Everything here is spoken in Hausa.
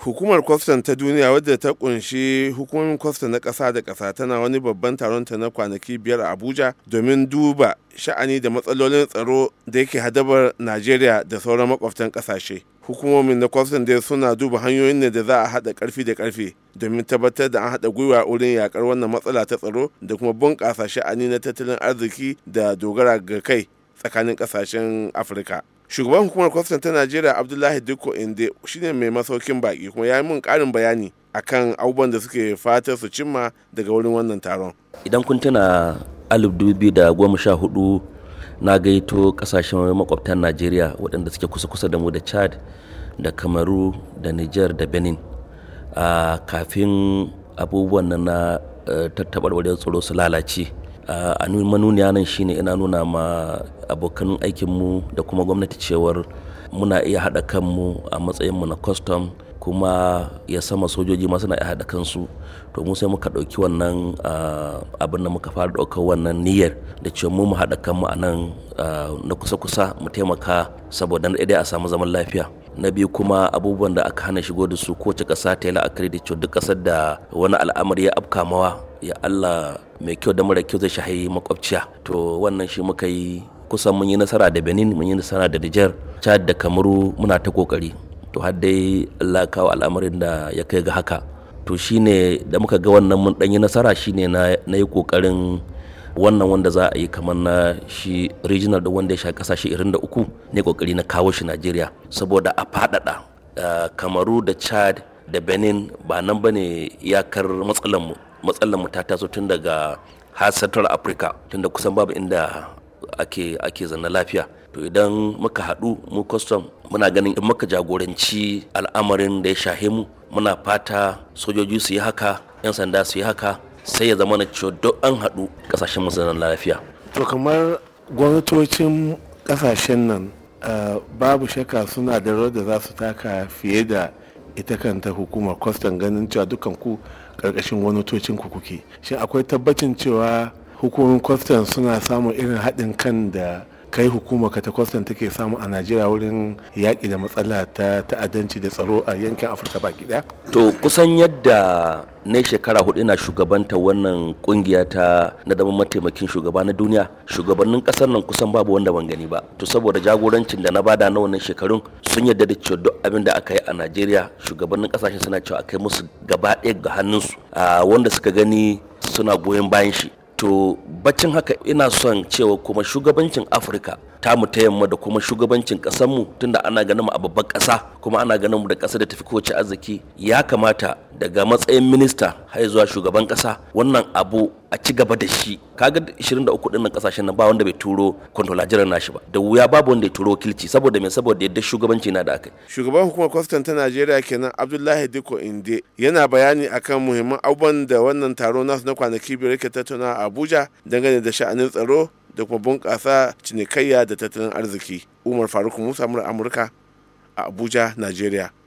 hukumar kwastan ta duniya wadda ta kunshi hukumomin kwastan na ƙasa da kasa tana wani babban taron ta na kwanaki biyar a abuja domin duba sha'ani da matsalolin tsaro da yake hadabar najeriya da sauran makwabtan ƙasashe hukumomin na kwastan dai suna duba hanyoyin ne da za a haɗa ƙarfi da karfe domin tabbatar da an haɗa gwiwa wurin yakar wannan matsala ta tsaro da kuma bunƙasa sha'ani na tattalin arziki da dogara ga kai tsakanin ƙasashen afirka shugaban hukumar kwastan ta najeriya abdullahi dikko inde shine mai masaukin baki kuma ya yi min karin bayani akan abubuwan da suke fatar su cimma daga wurin wannan taron idan kun tuna hudu na gaito kasashen makwabtan najeriya waɗanda suke kusa-kusa da mu da chad da kamaru da niger da benin a kafin abubuwan nan na eh, tattabarwarewar tsaro su lalace a manuniya nan shine ina nuna ma abokan aikinmu da kuma gwamnati cewar muna iya haɗa kanmu a matsayinmu na kwastam kuma ya sama sojoji ma suna iya haɗa kansu to mu sai muka ɗauki wannan ah, abin da muka fara ɗaukar wannan niyyar da cewa mu mu haɗa kanmu a nan ah, na kusa-kusa mu taimaka saboda na dai a samu zaman lafiya na biyu kuma abubuwan da aka hana shigo da su kowace ƙasa ta yi la'akari da cewa duk ƙasar da wani al'amari ya afka mawa ya Allah mai kyau da mara kyau zai shahayi makwabciya to wannan shi muka yi kusan mun yi nasara da benin mun yi nasara da niger chad da kamaru muna ta kokari to har dai allah kawo al'amarin da ya kai ga haka to shine da muka ga wannan mun yi nasara shine na yi kokarin wannan wanda za a yi kamar na shi regional da wanda ya sha kasashe 23 ne kokari na kawo shi Najeriya saboda a faɗaɗa eh, kamaru da chad da benin ba nan ba ne iyakar matsalanmu matsalanmu ta taso tun daga har central africa tun da kusan babu inda ake ake zanna lafiya to idan muka haɗu mu custom muna ganin in muka jagoranci al'amarin da ya shahe mu muna fata sojoji su yi haka 'yan sanda su yi haka sai ya zama na cewa duk an haɗu ƙasashen mu zanna lafiya to kamar gwamnatocin ƙasashen nan eh, babu shakka suna da rawar da za su taka fiye da ita kanta hukumar kwastan ganin cewa dukan ku karkashin wani tocin ku kuke shin akwai tabbacin cewa hukumomin kwastan suna samun irin haɗin kan da kai hukuma ka ta kwastan take samu a najeriya wurin yaƙi da matsala ta ta'addanci da tsaro a yankin afirka baki ɗaya to kusan yadda na shekara hudu ina shugabanta wannan kungiya ta na zama mataimakin shugaba na duniya shugabannin kasar nan kusan babu wanda ban gani ba to saboda jagorancin da na bada na wannan shekarun sun yarda da cewa duk abin da aka yi a Najeriya shugabannin kasashe suna cewa akai musu gaba ɗaya ga hannunsu a ah, wanda suka gani suna goyon bayan shi to baccin haka ina son cewa kuma shugabancin afirka tamu ta yamma da kuma shugabancin mu tunda ana ganin mu a babban kasa kuma ana ganin mu da ƙasa da tafi kowace arziki ya kamata daga matsayin minista har zuwa shugaban kasa wannan abu a ci gaba da shi kaga 23 din nan kasashen nan ba wanda bai turo controller jiran nashi ba da wuya babu wanda ya turo wakilci saboda me saboda yadda shugabanci na da akai shugaban hukumar kwastan ta Najeriya kenan Abdullahi Diko Inde yana bayani akan muhimman abubuwan da wannan taro nasu na kwanaki biyu yake tattauna a Abuja dangane da sha'anin tsaro da kuma bunƙasa cinikayya da tattalin arziki umar faruk musa amurka a abuja nigeria.